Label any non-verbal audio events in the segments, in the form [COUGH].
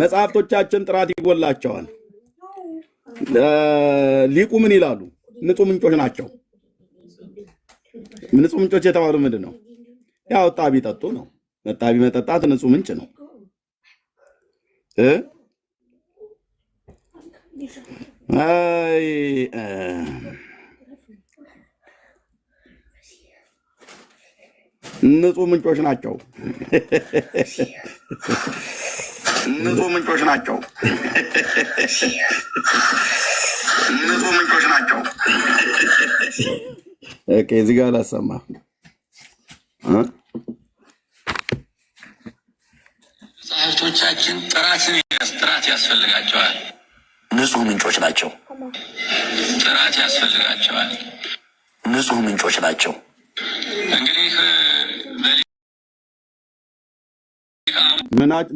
መጽሐፍቶቻችን ጥራት ይጎላቸዋል። ሊቁ ምን ይላሉ? ንጹህ ምንጮች ናቸው። ንጹህ ምንጮች የተባሉ ምንድን ነው? ያው ጣቢ ጠጡ ነው። መጣቢ መጠጣት ንጹህ ምንጭ ነው። ንጹህ ምንጮች ናቸው። [LAUGHS] ንጹህ ምንጮች ናቸው። ንጹህ ምንጮች ናቸው። እዚህ ጋር ላሰማ ጸሐፍቶቻችን ጥራትን ጥራት ያስፈልጋቸዋል። ንጹህ ምንጮች ናቸው። ጥራት ያስፈልጋቸዋል። ንጹህ ምንጮች ናቸው። እንግዲህ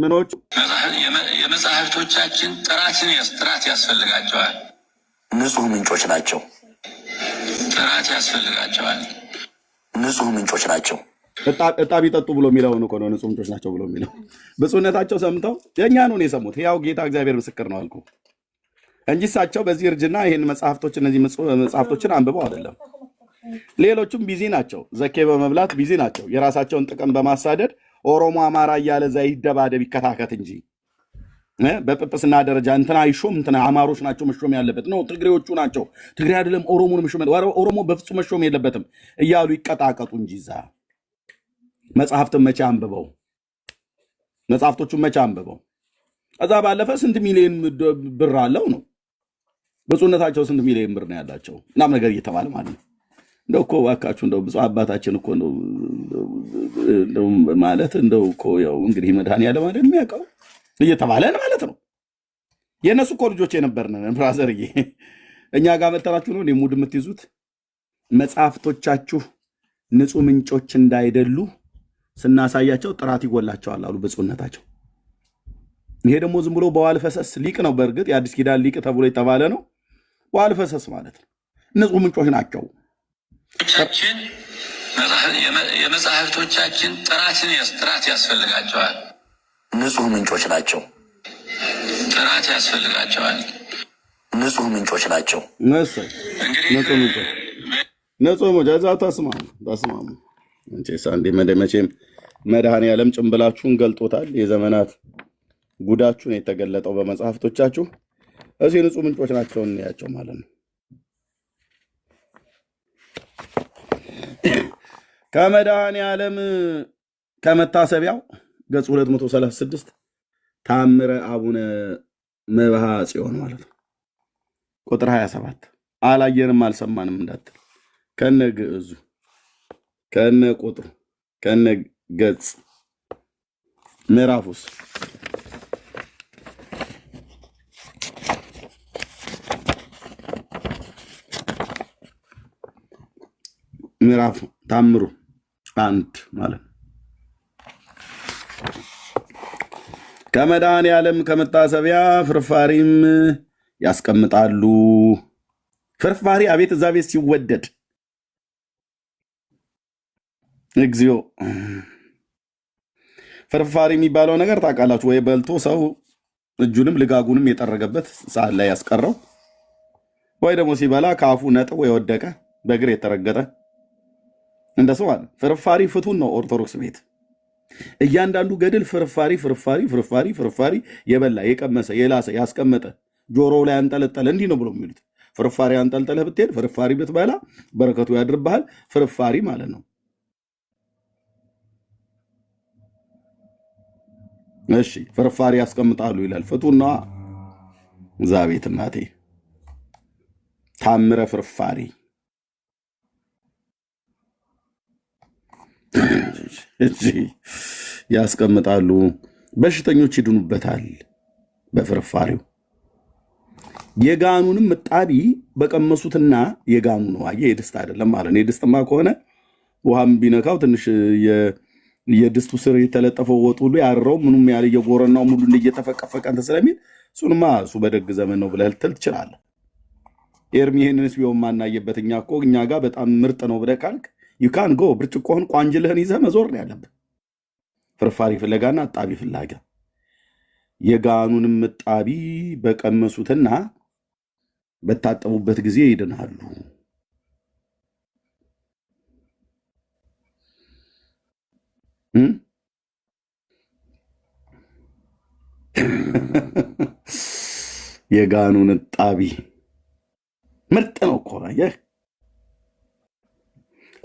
ምኖች የመጽሐፍቶቻችን ጥራትን ጥራት ያስፈልጋቸዋል። ንጹህ ምንጮች ናቸው። ጥራት ያስፈልጋቸዋል። ንጹህ ምንጮች ናቸው። እጣ ቢጠጡ ብሎ የሚለውን እኮ ነው። ንጹህ ምንጮች ናቸው ብሎ የሚለው ብፁዕነታቸው ሰምተው የእኛ ነው የሰሙት ያው ጌታ እግዚአብሔር ምስክር ነው አልኩ እንጂ እሳቸው በዚህ እርጅና ይህን መጽሐፍቶች እነዚህ መጽሐፍቶችን አንብበው አይደለም። ሌሎቹም ቢዚ ናቸው፣ ዘኬ በመብላት ቢዚ ናቸው፣ የራሳቸውን ጥቅም በማሳደድ ኦሮሞ አማራ እያለ እዛ ይደባደብ ይከታከት እንጂ በጵጵስና ደረጃ እንትና ይሾም እንትና አማሮች ናቸው መሾም ያለበት ነው፣ ትግሬዎቹ ናቸው ትግሬ አይደለም ኦሮሞን መሾም ኦሮሞ በፍጹም መሾም የለበትም እያሉ ይቀጣቀጡ እንጂ እዛ መጽሐፍትን መቼ አንብበው መጽሐፍቶቹን መቼ አንብበው ከዛ ባለፈ ስንት ሚሊዮን ብር አለው ነው ብፁዕነታቸው ስንት ሚሊዮን ብር ነው ያላቸው ምናምን ነገር እየተባለ ማለት ነው። እንደው እኮ እባካችሁ እንደው ብፁዕ አባታችን እኮ ነው ማለት እንደው እኮ ያው እንግዲህ መድኃኒዓለም አይደል የሚያውቀው እየተባለን ማለት ነው። የእነሱ እኮ ልጆች የነበርነን ብራዘርዬ፣ እኛ ጋር መተራችሁ ነው ሙድ የምትይዙት። መጽሐፍቶቻችሁ ንጹህ ምንጮች እንዳይደሉ ስናሳያቸው ጥራት ይጎላቸዋል አሉ ብፁዕነታቸው። ይሄ ደግሞ ዝም ብሎ በዋል ፈሰስ ሊቅ ነው። በእርግጥ የአዲስ ኪዳን ሊቅ ተብሎ የተባለ ነው። በዋል ፈሰስ ማለት ነው። ንጹህ ምንጮች ናቸው። ቻችን የመጽሐፍቶቻችን ጥራትን ጥራት ያስፈልጋቸዋል። ንጹህ ምንጮች ናቸው። ጥራት ያስፈልጋቸዋል። ንጹህ ምንጮች ናቸው። እንግዲህ ንጹህ ምንጮች እዛ ተስማሙ ተስማሙ። ሳንዴ መቼም መድኃኔ ጭንብላችሁን ገልጦታል። የዘመናት ጉዳችሁን የተገለጠው በመጽሐፍቶቻችሁ እዚህ ንጹህ ምንጮች ናቸው እንያቸው ማለት ነው። ከመድኃኔ ዓለም ከመታሰቢያው ገጽ 236 ታምረ አቡነ መብሃ ጽዮን ማለት ነው። ቁጥር 27 አላየንም አልሰማንም እንዳትል ከነ ግዕዙ ከነ ቁጥሩ ከነ ገጽ ምዕራፍ ውስጥ ምዕራፍ ታምሩ አንድ ማለት ከመድኃኔ ዓለም ከመታሰቢያ ፍርፋሪም ያስቀምጣሉ። ፍርፋሪ አቤት እዛ ቤት ሲወደድ እግዚኦ! ፍርፋሪ የሚባለው ነገር ታውቃላችሁ ወይ? በልቶ ሰው እጁንም ልጋጉንም የጠረገበት ሰዓት ላይ ያስቀረው ወይ ደግሞ ሲበላ ከአፉ ነጥቦ የወደቀ በእግር የተረገጠ ሰው አለ ፍርፋሪ ፍቱን ነው ኦርቶዶክስ ቤት እያንዳንዱ ገድል ፍርፋሪ ፍርፋሪ ፍርፋሪ ፍርፋሪ የበላ የቀመሰ የላሰ ያስቀመጠ ጆሮ ላይ አንጠለጠለ እንዲህ ነው ብሎ የሚሉት ፍርፋሪ አንጠልጠለ ብትሄድ ፍርፋሪ ብትበላ በረከቱ ያድርብሃል ፍርፋሪ ማለት ነው እሺ ፍርፋሪ ያስቀምጣሉ ይላል ፍቱና እዛ ቤት እናቴ ታምረ ፍርፋሪ [LAUGHS] ያስቀምጣሉ። በሽተኞች ይድኑበታል በፍርፋሪው። የጋኑንም እጣቢ በቀመሱትና የጋኑ ነው። አየህ የድስት አይደለም ማለት ነው። የድስትማ ከሆነ ውሃም ቢነካው ትንሽ የድስቱ ስር የተለጠፈው ወጥ ሁሉ ያረው ምኑም ያለ የጎረናው ሙሉ እየተፈቀፈቀ እንትን ስለሚል እሱንማ እሱ በደግ ዘመን ነው ብለህ ልትል ትችላለህ። ኤርሚ ይህንንስ ቢሆን ማናየበት እኛ እኮ እኛ ጋር በጣም ምርጥ ነው ብለህ ካልክ ዩካን ጎ ብርጭቆህን ቋንጅልህን ይዘህ መዞር ነው ያለብህ። ፍርፋሪ ፍለጋና አጣቢ ፍላጋ የጋኑንም እጣቢ በቀመሱትና በታጠቡበት ጊዜ ይድናሉ። የጋኑን እጣቢ ምርጥ ነው እኮ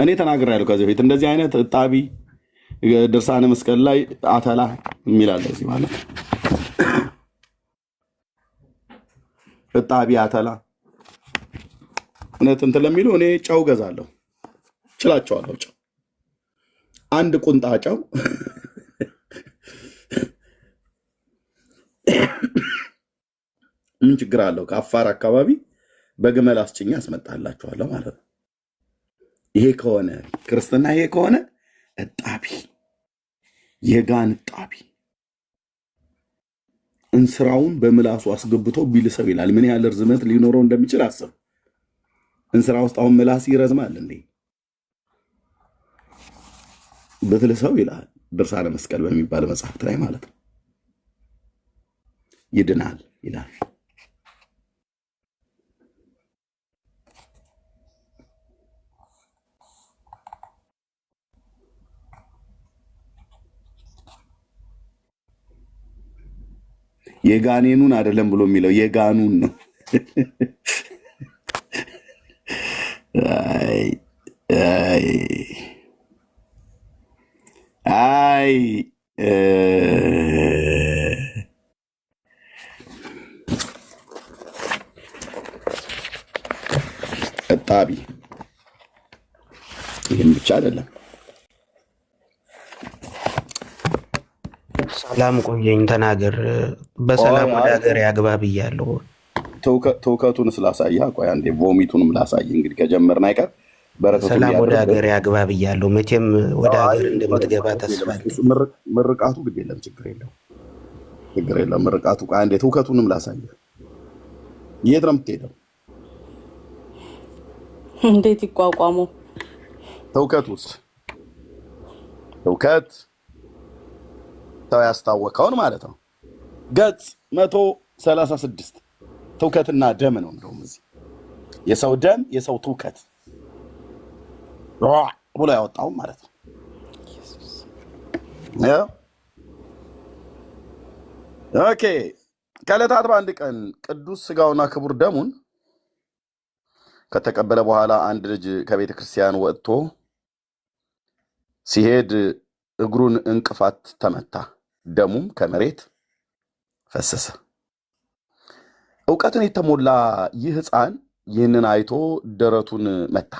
እኔ ተናግሬያለሁ ከዚህ በፊት እንደዚህ አይነት እጣቢ ድርሳነ መስቀል ላይ አተላ የሚላለ እዚህ ማለት እጣቢ አተላ እውነት እንትን ለሚሉ እኔ ጨው ገዛለሁ ችላቸዋለሁ። ጨው አንድ ቁንጣ ጨው ምን ችግር አለው? ከአፋር አካባቢ በግመል አስጭኛ አስመጣላችኋለሁ ማለት ነው። ይሄ ከሆነ ክርስትና ይሄ ከሆነ እጣቢ የጋን እጣቢ እንስራውን በምላሱ አስገብቶ ቢልሰው ይላል። ምን ያህል ርዝመት ሊኖረው እንደሚችል አስብ። እንስራ ውስጥ አሁን ምላስ ይረዝማል እንዴ? ብትልሰው ይላል ድርሳነ መስቀል በሚባል መጽሐፍት ላይ ማለት ነው። ይድናል ይላል። የጋኔኑን አይደለም ብሎ የሚለው የጋኑን ነው። አይ ቀጣቢ ብቻ አይደለም። ሰላም ቆየኝ ተናገር፣ በሰላም ወደ ሀገር ያግባብ እያለሁ ትውከቱን ስላሳየህ ቆይ አንዴ ቮሚቱንም ላሳይ። እንግዲህ ከጀመርን አይቀር ሰላም ወደ ሀገር ያግባብ እያለሁ መቼም ወደ ሀገር እንደምትገባ ተስፋ ምርቃቱ ግድ የለም ችግር የለው ችግር የለም ምርቃቱ። ቆይ አንዴ ትውከቱንም ላሳየህ። የት ነው የምትሄደው? እንዴት ይቋቋሙ ትውከት ውስጥ ትውከት ጌታው ያስታወቀውን ማለት ነው። ገጽ 136 ትውከትና ደም ነው። እንደውም እዚህ የሰው ደም የሰው ትውከት ብሎ ያወጣው ማለት ነው። ኦኬ ከዕለታት በአንድ ቀን ቅዱስ ስጋውና ክቡር ደሙን ከተቀበለ በኋላ አንድ ልጅ ከቤተ ክርስቲያን ወጥቶ ሲሄድ እግሩን እንቅፋት ተመታ። ደሙም ከመሬት ፈሰሰ። እውቀትን የተሞላ ይህ ሕፃን ይህንን አይቶ ደረቱን መታ።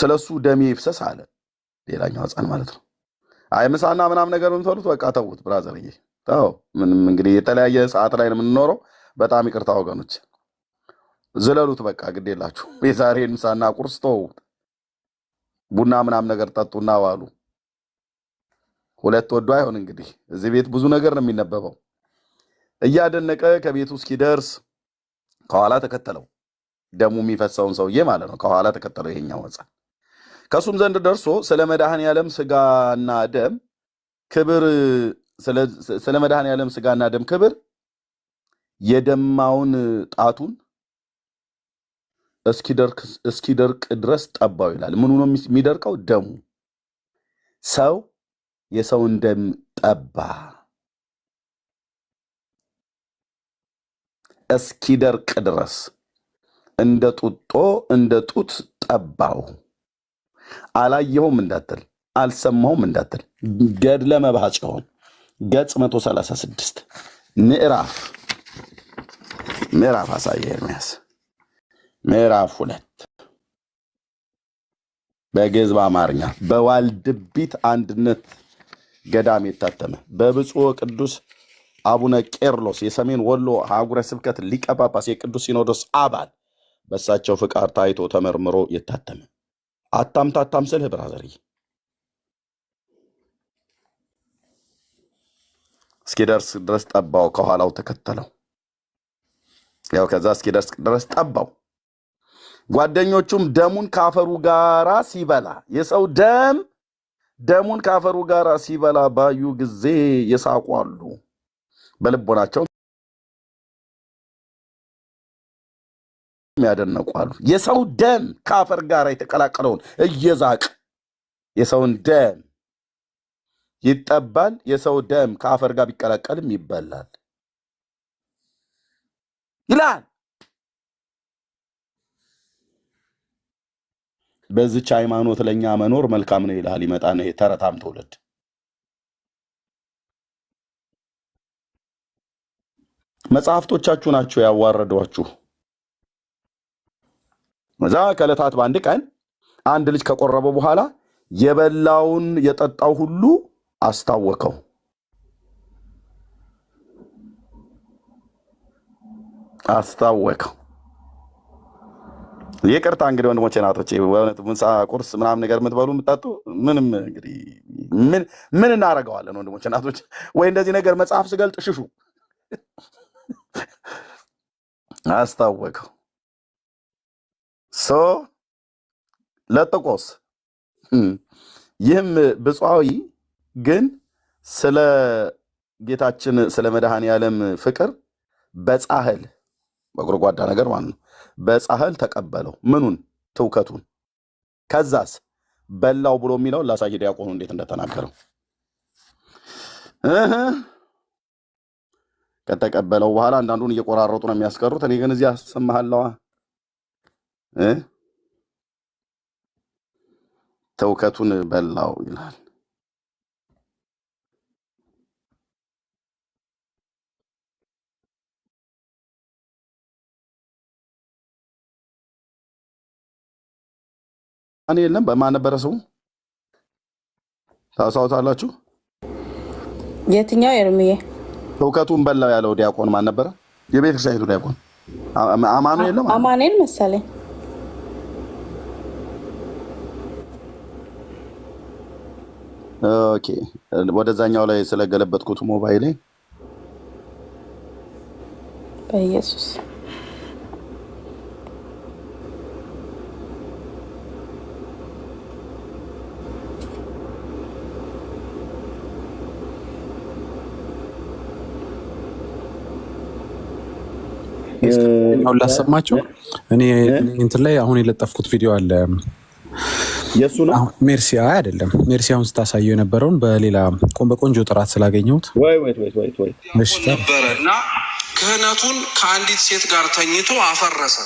ስለሱ ደሜ ይፍሰስ አለ። ሌላኛው ሕፃን ማለት ነው። አይ ምሳና ምናምን ነገር የምትበሉት በቃ ተውት ብራዘርዬ፣ ተው። ምንም እንግዲህ የተለያየ ሰዓት ላይ ነው የምንኖረው። በጣም ይቅርታ ወገኖች፣ ዝለሉት በቃ ግድ የላችሁ። የዛሬን ምሳና ቁርስ ተውት። ቡና ምናምን ነገር ጠጡና ዋሉ። ሁለት ወዶ አይሆን እንግዲህ እዚህ ቤት ብዙ ነገር ነው የሚነበበው። እያደነቀ ከቤቱ እስኪደርስ ከኋላ ተከተለው። ደሙ የሚፈሰውን ሰውዬ ማለት ነው። ከኋላ ተከተለው ይሄኛው ሕፃን ከእሱም ዘንድ ደርሶ ስለ መድኃኔ ዓለም ስጋና ደም ክብር ስለ መድኃኔ ዓለም ስጋና ደም ክብር የደማውን ጣቱን እስኪደርቅ ድረስ ጠባው ይላል። ምኑ ነው የሚደርቀው? ደሙ ሰው የሰውን ደም ጠባ እስኪደርቅ ድረስ እንደ ጡጦ እንደ ጡት ጠባው። አላየኸውም እንዳትል፣ አልሰማሁም እንዳትል ገድለ መባጽዮን ገጽ 136 ምዕራፍ ምዕራፍ አሳየ ኤርምያስ ምዕራፍ ሁለት በግዕዝ በአማርኛ በዋልድቢት አንድነት ገዳም የታተመ በብፁዕ ቅዱስ አቡነ ቄርሎስ የሰሜን ወሎ አጉረ ስብከት ሊቀ ጳጳስ የቅዱስ ሲኖዶስ አባል በእሳቸው ፍቃድ ታይቶ ተመርምሮ የታተመ አታም ስልህ ብራዘርዬ እስኪደርስ ድረስ ጠባው፣ ከኋላው ተከተለው። ያው ከዛ እስኪደርስ ድረስ ጠባው። ጓደኞቹም ደሙን ከአፈሩ ጋራ ሲበላ የሰው ደም ደሙን ከአፈሩ ጋር ሲበላ ባዩ ጊዜ የሳቋሉ። በልቦናቸው ያደነቁ የሰው ደም ከአፈር ጋር የተቀላቀለውን እየዛቅ የሰውን ደም ይጠባል። የሰው ደም ከአፈር ጋር ቢቀላቀልም ይበላል ይላል። በዚች ሃይማኖት ለእኛ መኖር መልካም ነው ይልሃል። ይመጣ ነው ተረታም ትውልድ መጽሐፍቶቻችሁ ናቸው ያዋረዷችሁ። እዛ ከዕለታት በአንድ ቀን አንድ ልጅ ከቆረበ በኋላ የበላውን የጠጣው ሁሉ አስታወከው። አስታወከው ይቅርታ እንግዲህ ወንድሞቼ ናቶቼ በእውነት ምሳ ቁርስ ምናምን ነገር የምትበሉ የምጠጡ ምንም እንግዲህ ምን እናደርገዋለን ወንድሞቼ ናቶች ወይ እንደዚህ ነገር መጽሐፍ ስገልጥ ሽሹ አስታወቀው ሶ ለጥቆስ ይህም ብፁዓዊ ግን ስለ ጌታችን ስለ መድኃኔ ዓለም ፍቅር በጻህል በጎድጓዳ ነገር ማለት ነው በጻሕል ተቀበለው። ምኑን? ትውከቱን። ከዛስ በላው ብሎ የሚለውን ላሳይ ዲያቆኑ እንዴት እንደተናገረው ከተቀበለው በኋላ አንዳንዱን እየቆራረጡ ነው የሚያስቀሩት። እኔ ግን እዚህ አሰማሃለዋ ተውከቱን በላው ይላል። እኔ የለም በማን ነበረ ስሙ ታውሳውታላችሁ? የትኛው ኤርሚዬ እውቀቱን በላው ያለው ዲያቆን ማን ነበረ? የቤተ ክርስቲያኒቱ ዲያቆን አማኑ የለም አማኔን መሰለኝ። ኦኬ ወደዛኛው ላይ ስለገለበጥኩት ሞባይሌ በኢየሱስ ሁን ላሰማቸው። እኔ እንትን ላይ አሁን የለጠፍኩት ቪዲዮ አለ የእሱ ነው። ሜርሲ አይደለም ሜርሲ አሁን ስታሳየው የነበረውን በሌላ በቆንጆ ጥራት ስላገኘሁት ነበረ እና ክህነቱን ከአንዲት ሴት ጋር ተኝቶ አፈረሰ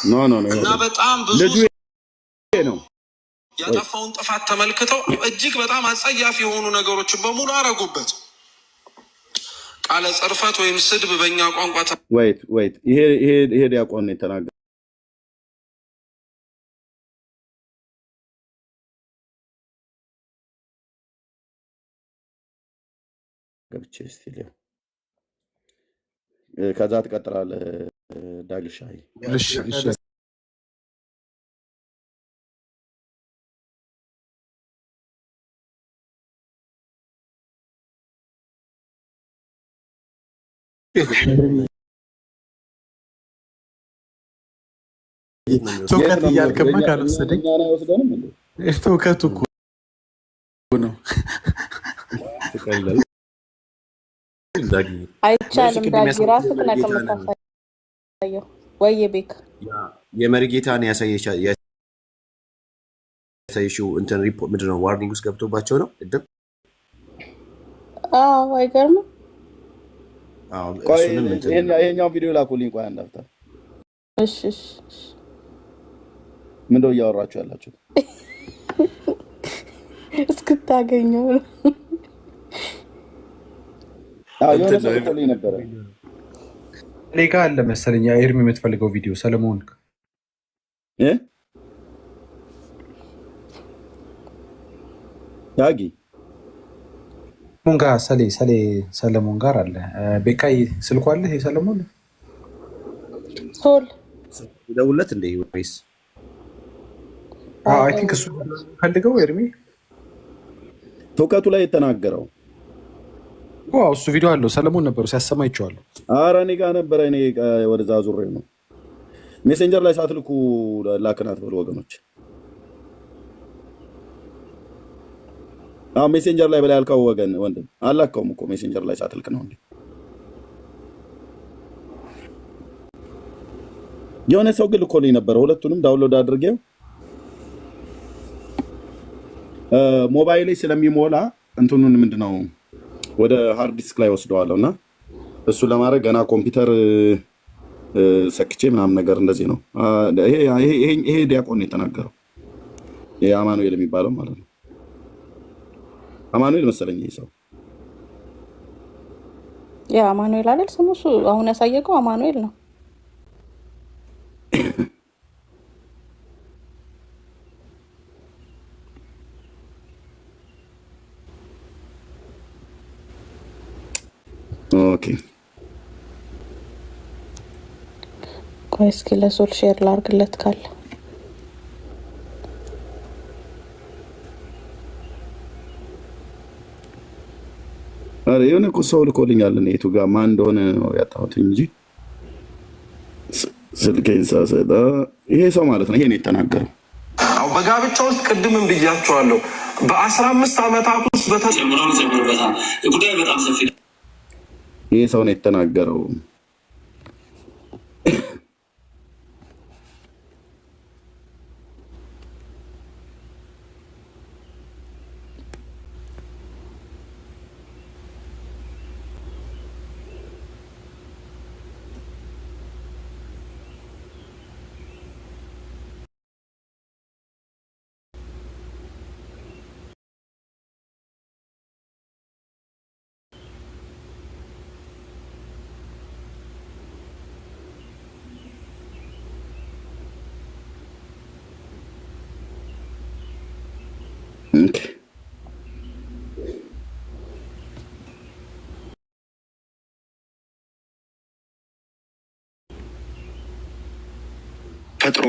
እና በጣም ብዙ ነው ያጠፋውን ጥፋት ተመልክተው እጅግ በጣም አጸያፊ የሆኑ ነገሮችን በሙሉ አረጉበት። ቃለ ጽርፈት ወይም ስድብ በእኛ ቋንቋ ወይት ወይት ይሄ ዲያቆን የተናገ ከዛ ትቀጥላለህ ዳግሻ ትውከት እያልክማ ካልወሰደኝ ትውከቱ እኮ ነው። አይቻልም። ዳጊ ራስህ ቤክ የመሪጌታን ያሳየሽው እንትን ምንድን ነው? ዋርኒንግ ውስጥ ገብቶባቸው ነው። አይገርምም ይሄኛውን ቪዲዮ ላኩልኝ። ቆይ ምንደው እያወራችሁ ያላችሁ [LAUGHS] እስክታገኘው ነበረ እኔ ጋ አለ መሰለኝ ኤርሚ የምትፈልገው ቪዲዮ ሰለሞን ያጊ ሙን ጋር ሰሌ ሰሌ ሰለሞን ጋር አለ። ቤካይ ስልኩ አለ። የሰለሞን ሶል ደውለት እንደ ወይስ አይ ቲንክ እሱ ፈልገው እድሜ እውቀቱ ላይ የተናገረው እሱ ቪዲዮ አለው። ሰለሞን ነበሩ ሲያሰማ ይቸዋለሁ። ኧረ እኔ ጋር ነበረ። እኔ ወደዛ ዙሬ ነው ሜሴንጀር ላይ ሳትልኩ ላክናት ብሎ ወገኖች አሁን ሜሴንጀር ላይ በላይ ያልከው ወገን ወንድም አላከውም እኮ ሜሴንጀር ላይ ሳትልክ ነው እንዴ? የሆነ ሰው ግን ልኮልኝ ነበረ። ሁለቱንም ዳውንሎድ አድርጌው ሞባይል ላይ ስለሚሞላ እንትኑን ምንድነው ወደ ሃርድ ዲስክ ላይ ወስደዋለሁ እና እሱ ለማድረግ ገና ኮምፒውተር ሰክቼ ምናምን ነገር እንደዚህ ነው። ይሄ ዲያቆን ነው የተናገረው፣ የአማኑኤል የሚባለው ማለት ነው። ¿A Manuel no se le hizo? Ya, Manuel a él se le aún no se a Manuel, ¿no? Okay. ¿Cuál es que le soltió el arco del letrero? አረ የሆነ እኮ ሰው ልኮልኛል። እኔ የቱ ጋር ማን እንደሆነ ነው ያጣሁት እንጂ ስልከኝ ሳሰጣ ይሄ ሰው ማለት ነው። ይሄ ነው የተናገረው። አዎ በጋብቻ ውስጥ ቅድምም ብያቸዋለሁ። በአስራ አምስት አመታት ውስጥ በታ ጉዳይ በጣም ሰፊ ይሄ ሰው ነው የተናገረው። የተፈጥሮ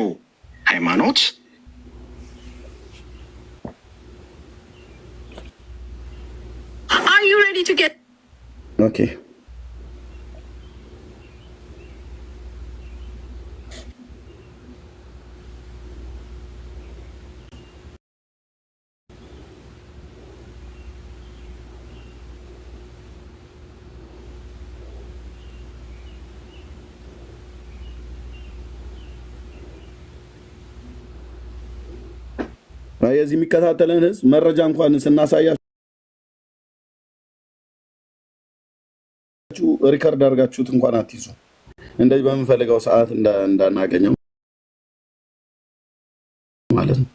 ሃይማኖት Are you ready to get? Okay. የዚህ የሚከታተለን ህዝብ መረጃ እንኳን ስናሳያችሁ ሪከርድ አድርጋችሁት እንኳን አትይዙ። እንደዚህ በምንፈልገው ሰዓት እንዳናገኘው ማለት ነው።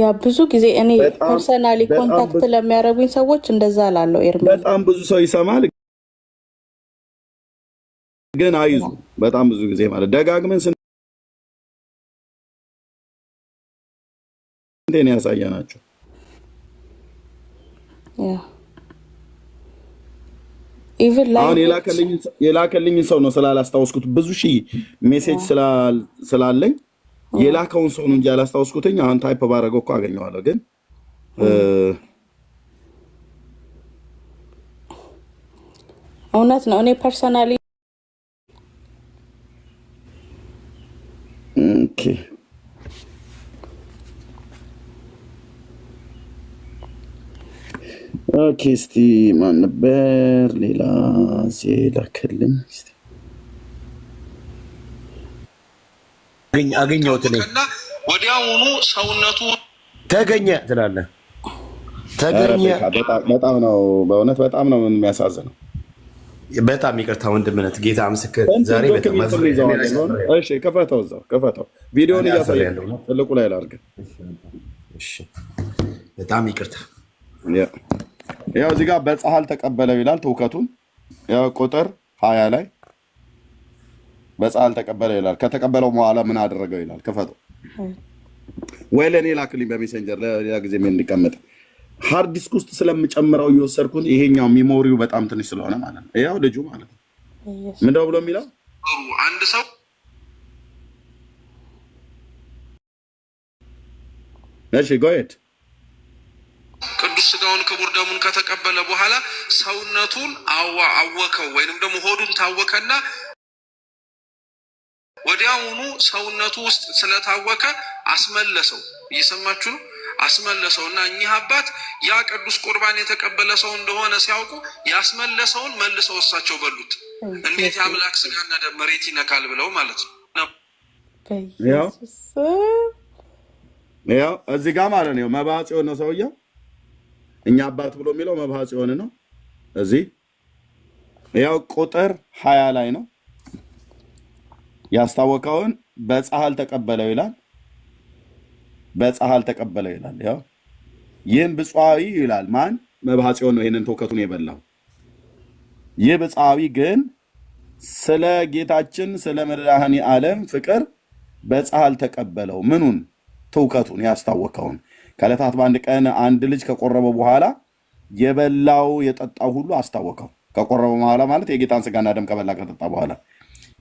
ያ ብዙ ጊዜ እኔ ፐርሰናሊ ኮንታክት ለሚያደርጉኝ ሰዎች እንደዛ ላለው በጣም ብዙ ሰው ይሰማል። ግን አይዙ በጣም ብዙ ጊዜ ማለት ደጋግመን ስንቴን ያሳየናቸው አሁን የላከልኝን ሰው ነው ስላላስታወስኩት፣ ብዙ ሺህ ሜሴጅ ስላለኝ የላከውን ሰው ነው እንጂ ያላስታወስኩትኝ። አሁን ታይፕ ባረገው እኮ አገኘዋለሁ ግን እውነት ነው። እኔ ፐርሰናሊ ኦኬ ኦኬ። እስቲ ማን ነበር ሌላ ላከልኝ? አገኘሁት እኔ ወዲያውኑ ሰውነቱ ተገኘ ትላለህ። ተገኘ በጣም ነው በእውነት በጣም ነው የሚያሳዝነው። በጣም ይቅርታ ወንድምነት ጌታ ምስክር ዛሬ ከፈተው እዛው ከፈተው ቪዲዮን እያሳያለሁ ትልቁ ላይ ላድርግ በጣም ይቅርታ ያው እዚህ ጋር በፀሐል ተቀበለው ይላል ትውከቱን ያው ቁጥር ሀያ ላይ በፀሐል ተቀበለው ይላል ከተቀበለው በኋላ ምን አደረገው ይላል ክፈተው ወይ ለእኔ ላክልኝ በሜሴንጀር ለሌላ ጊዜ ምን እንዲቀመጥ ሃርድ ዲስክ ውስጥ ስለምጨምረው እየወሰድኩት ይሄኛው ሚሞሪው በጣም ትንሽ ስለሆነ ማለት ነው። ያው ልጁ ማለት ነው ምንደው ብሎ የሚለው አንድ ሰው እሺ ጎየድ ቅዱስ ስጋውን ክቡር ደሙን ከተቀበለ በኋላ ሰውነቱን አወከው ወይንም ደግሞ ሆዱን ታወከና ወዲያውኑ ሰውነቱ ውስጥ ስለታወከ አስመለሰው። እየሰማችሁ ነው። አስመለሰውና እኚህ አባት ያ ቅዱስ ቁርባን የተቀበለ ሰው እንደሆነ ሲያውቁ ያስመለሰውን መልሰው እሳቸው በሉት። እንዴት የአምላክ ስጋና ደም መሬት ይነካል ብለው ማለት ነው። ያው እዚህ ጋር ማለት ነው መባህ ጽዮን ነው ሰውየው። እኛ አባት ብሎ የሚለው መባህ ጽዮን ነው። እዚህ ያው ቁጥር ሀያ ላይ ነው ያስታወቀውን በጻሕል ተቀበለው ይላል በፀሐል ተቀበለ ይላል። ያው ይህም ብፁዓዊ ይላል ማን መባሐጽዮን ነው ይህንን ትውከቱን የበላው። ይህ ብፁዓዊ ግን ስለ ጌታችን ስለ መድኃኔ ዓለም ፍቅር በፀሐል ተቀበለው። ምኑን? ትውከቱን ያስታወቀውን። ከዕለታት በአንድ ቀን አንድ ልጅ ከቆረበ በኋላ የበላው የጠጣው ሁሉ አስታወቀው። ከቆረበ በኋላ ማለት የጌታን ስጋና ደም ከበላ ከጠጣ በኋላ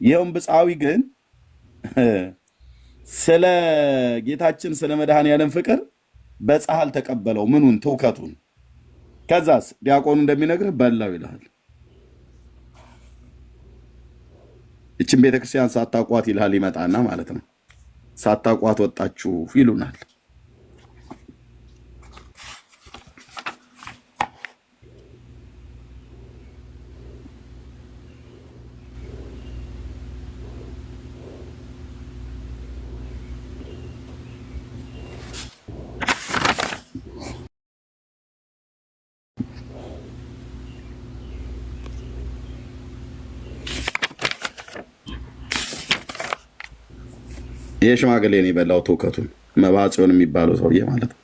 ይኸውም ብፃዊ ግን ስለ ጌታችን ስለ መድኃኔ ፍቅር በፀሐል ተቀበለው ምኑን ትውከቱን። ከዛስ ዲያቆኑ እንደሚነግርህ በላው ይልሃል። ይችን ቤተክርስቲያን ሳታቋት ይልሃል። ይመጣና ማለት ነው ሳታቋት ወጣችሁ ይሉናል። ይሄ ሽማግሌ ነው የበላው ትውከቱን መባጽዮን የሚባለው ሰውዬ ማለት ነው።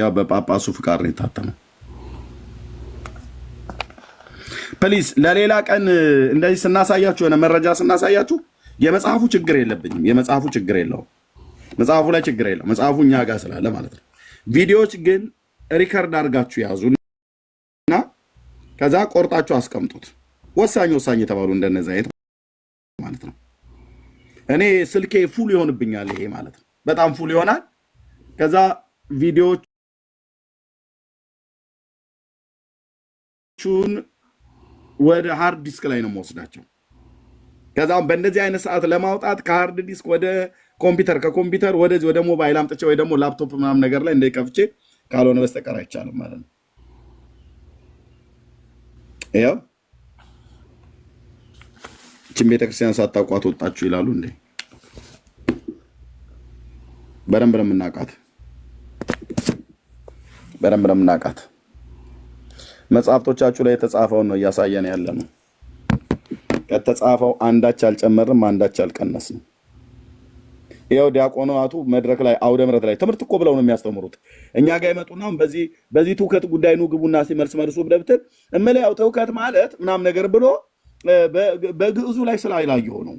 ያው በጳጳሱ ፍቃድ ነው የታተመው። ፕሊዝ ለሌላ ቀን እንደዚህ ስናሳያችሁ የሆነ መረጃ ስናሳያችሁ የመጽሐፉ ችግር የለብኝም። የመጽሐፉ ችግር የለውም። መጽሐፉ ላይ ችግር የለው። መጽሐፉ እኛ ጋር ስላለ ማለት ነው። ቪዲዮዎች ግን ሪከርድ አድርጋችሁ ያዙ እና ከዛ ቆርጣችሁ አስቀምጡት። ወሳኝ ወሳኝ የተባሉ እንደነዚ አይነት ማለት ነው። እኔ ስልኬ ፉል ይሆንብኛል። ይሄ ማለት ነው በጣም ፉል ይሆናል። ከዛ ቪዲዮቹን ወደ ሃርድ ዲስክ ላይ ነው የምወስዳቸው። ከዛም በእንደዚህ አይነት ሰዓት ለማውጣት ከሃርድ ዲስክ ወደ ኮምፒውተር፣ ከኮምፒውተር ወደዚህ ወደ ሞባይል አምጥቼ ወይ ደግሞ ላፕቶፕ ምናምን ነገር ላይ ከፍቼ ካልሆነ በስተቀር አይቻልም ማለት ነው ያው ይችን ቤተክርስቲያን ሳታውቋት ወጣችሁ ይላሉ እንዴ? በደንብ ነው የምናውቃት፣ በደንብ ነው የምናውቃት። መጽሐፍቶቻችሁ ላይ የተጻፈውን ነው እያሳየን ያለ ነው። ከተጻፈው አንዳች አልጨመርም፣ አንዳች አልቀነስም። ይኸው ዲያቆናቱ መድረክ ላይ አውደ ምረት ላይ ትምህርት እኮ ብለው ነው የሚያስተምሩት። እኛ ጋር ይመጡና በዚህ ትውከት ጉዳይ ኑ ግቡና ሲመልስ መልሱ ብለህ ብትል ያው ትውከት ማለት ምናምን ነገር ብሎ በግዕዙ ላይ ስላላየሁ ነው።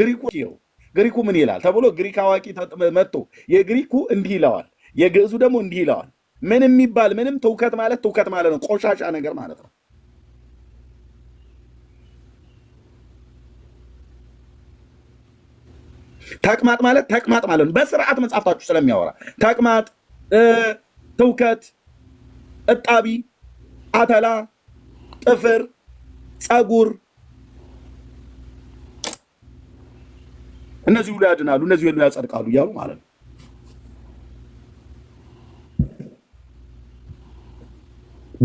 ግሪኩ ግሪኩ ምን ይላል ተብሎ ግሪክ አዋቂ መጥቶ የግሪኩ እንዲህ ይለዋል፣ የግዕዙ ደግሞ እንዲህ ይለዋል። ምን የሚባል ምንም ትውከት ማለት ትውከት ማለት ነው፣ ቆሻሻ ነገር ማለት ነው። ተቅማጥ ማለት ተቅማጥ ማለት ነው። በስርዓት መጽሐፍታችሁ ስለሚያወራ ተቅማጥ፣ ትውከት፣ እጣቢ፣ አተላ፣ ጥፍር፣ ፀጉር፣ እነዚህ ሁሉ ያድናሉ፣ እነዚህ ሁሉ ያጸድቃሉ እያሉ ማለት ነው።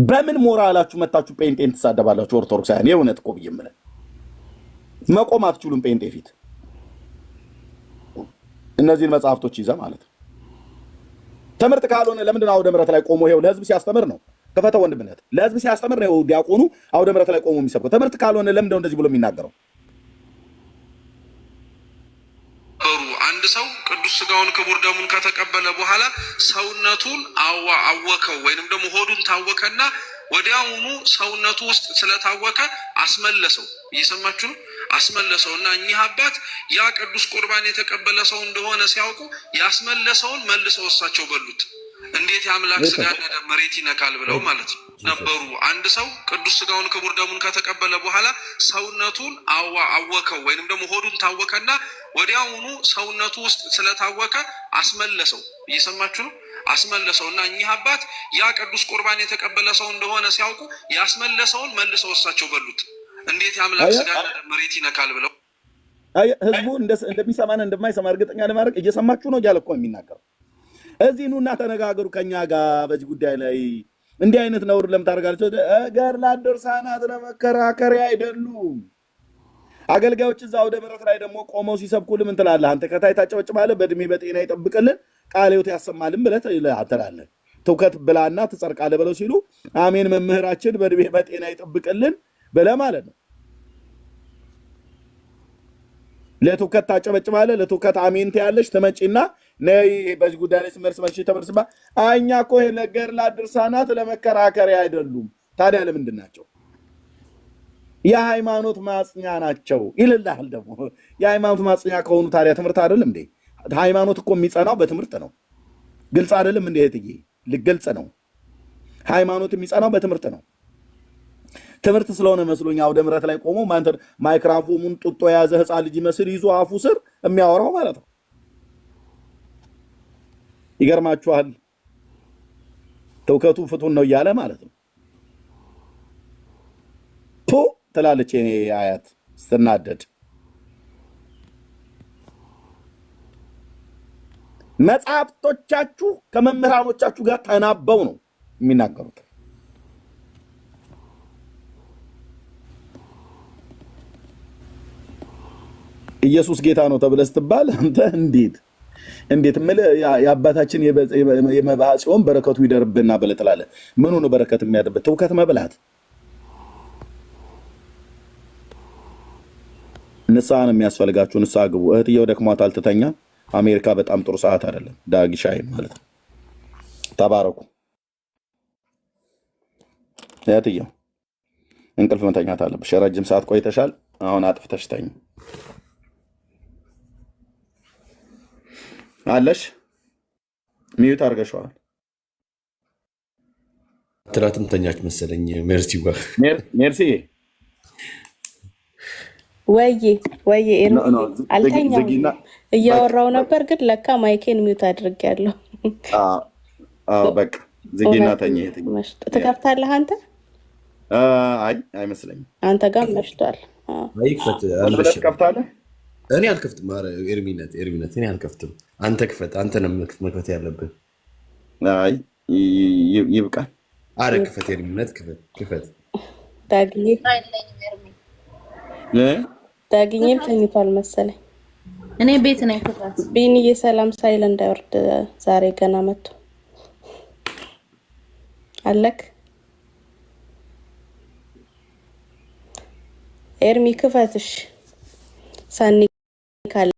በምን ሞራላችሁ መታችሁ ጴንጤን ትሳደባላችሁ? ኦርቶዶክሳውያን የእውነት እኮ ብዬ የምልህ መቆም አትችሉም ጴንጤ ፊት እነዚህን መጽሐፍቶች ይዘ ማለት ነው። ትምህርት ካልሆነ ለምንድን አውደ ምሕረት ላይ ቆሞ ይኸው ለህዝብ ሲያስተምር ነው። ከፈተ ወንድምነት ለህዝብ ሲያስተምር ነው። ዲያቆኑ አውደ ምሕረት ላይ ቆሞ የሚሰብከው ትምህርት ካልሆነ ነው እንደዚህ ብሎ የሚናገረው? ሰው ቅዱስ ስጋውን ክቡር ደሙን ከተቀበለ በኋላ ሰውነቱን አወከው ወይንም ደግሞ ሆዱን ታወከና ወዲያውኑ ሰውነቱ ውስጥ ስለታወከ አስመለሰው። እየሰማችሁ ነው? አስመለሰው እና እኚህ አባት ያ ቅዱስ ቁርባን የተቀበለ ሰው እንደሆነ ሲያውቁ ያስመለሰውን መልሰው እሳቸው በሉት። እንዴት የአምላክ ስጋ መሬት ይነካል ብለው ማለት ነው ነበሩ። አንድ ሰው ቅዱስ ስጋውን ክቡር ደሙን ከተቀበለ በኋላ ሰውነቱን አወከው ወይንም ደግሞ ሆዱን ታወከና ወዲያውኑ ሰውነቱ ውስጥ ስለታወከ አስመለሰው። እየሰማችሁ ነው? አስመለሰው እና እኚህ አባት ያ ቅዱስ ቁርባን የተቀበለ ሰው እንደሆነ ሲያውቁ ያስመለሰውን መልሰው እሳቸው በሉት። እንዴት የአምላክ ስጋ መሬት ይነካል ብለው ህዝቡ እንደሚሰማን እንደማይሰማ እርግጠኛ ለማድረግ እየሰማችሁ ነው እያለ እኮ የሚናገረው እዚህ ኑና ተነጋገሩ ከኛ ጋር በዚህ ጉዳይ ላይ እንዲህ አይነት ነውር ለምታደርጋለች ገድላት ድርሳናት ለመከራከሪያ አይደሉም። አገልጋዮች እዛ አውደ ምሕረት ላይ ደግሞ ቆመው ሲሰብኩልህ ምን ትላለህ አንተ? ከታይ ታጨበጭባለህ። በእድሜ በጤና ይጠብቅልን ቃልዮት ያሰማልን ብለህ ትላለህ። ትውከት ብላና ትጸድቃለህ ብለው ሲሉ አሜን መምህራችን በእድሜ በጤና ይጠብቅልን ብለህ ማለት ነው። ለትውከት ታጨበጭባለህ፣ ለትውከት አሜን ትያለሽ። ትመጪና ነይ በዚህ ጉዳይ ላይ ስመርስ መሽ ተመርስባ አኛ እኮ ነገር ለድርሳናት ለመከራከሪያ አይደሉም። ታዲያ ለምንድን ናቸው? የሃይማኖት ማጽኛ ናቸው ይልልሃል። ደግሞ የሃይማኖት ማጽኛ ከሆኑ ታዲያ ትምህርት አይደለም እንዴ? ሃይማኖት እኮ የሚጸናው በትምህርት ነው። ግልጽ አይደለም እንዴ? ትዬ ልገልጽ ነው። ሃይማኖት የሚጸናው በትምህርት ነው። ትምህርት ስለሆነ መስሎኝ አውደ ምሕረት ላይ ቆሞ ማይክራፎኑን ጡጦ የያዘ ህፃን ልጅ መስል ይዞ አፉ ስር የሚያወራው ማለት ነው። ይገርማችኋል። ትውከቱ ፍቱን ነው እያለ ማለት ነው። ፑ ትላለች የኔ አያት ስትናደድ። መጽሐፍቶቻችሁ ከመምህራኖቻችሁ ጋር ተናበው ነው የሚናገሩት። ኢየሱስ ጌታ ነው ተብለህ ስትባል አንተ እንዴት እንዴት ምል የአባታችን የመባህ ሲሆን በረከቱ ይደርብና ብለህ ትላለህ። ምኑ ነው በረከት የሚያደርበት? ትውከት መብላት ንስሐ ነው የሚያስፈልጋችሁ። ንስሐ ግቡ። እህትየው ደክሟታል ትተኛ። አሜሪካ በጣም ጥሩ ሰዓት አይደለም። ዳግሻይ ማለት ነው። ተባረኩ። እህትየው እንቅልፍ መተኛት አለብሽ። ረጅም ሰዓት ቆይተሻል። አሁን አጥፍተሽ ተኝ። አለሽ ሚዩት አድርገሸዋል። ትናንትም ተኛች መሰለኝ። ሜርሲ ሜርሲ ወዬ ወዬ አልተኛ እያወራው ነበር፣ ግን ለካ ማይኬን ሚዩት አድርጌያለሁ። በቃ ዝጊና ተኛ። ትከፍታለህ አንተ? አይ አይመስለኝም። አንተ ጋር መሽቷል። ከፍታለህ? እኔ አልከፍትም። ኤርሚነት ኤርሚነት እኔ አልከፍትም። አንተ ክፈት። አንተ ነው መክፈት ያለብን። ይብቃል። አረ ክፈት፣ የእምነት ክፈት፣ ክፈት። ዳግኝም ተኝቷል መሰለኝ። እኔ ቤት ነው ያፈታት ቢኒዬ፣ ሰላም ሳይል እንዳይወርድ ዛሬ ገና መጥቶ አለክ። ኤርሚ ክፈትሽ ሳኒ ካለ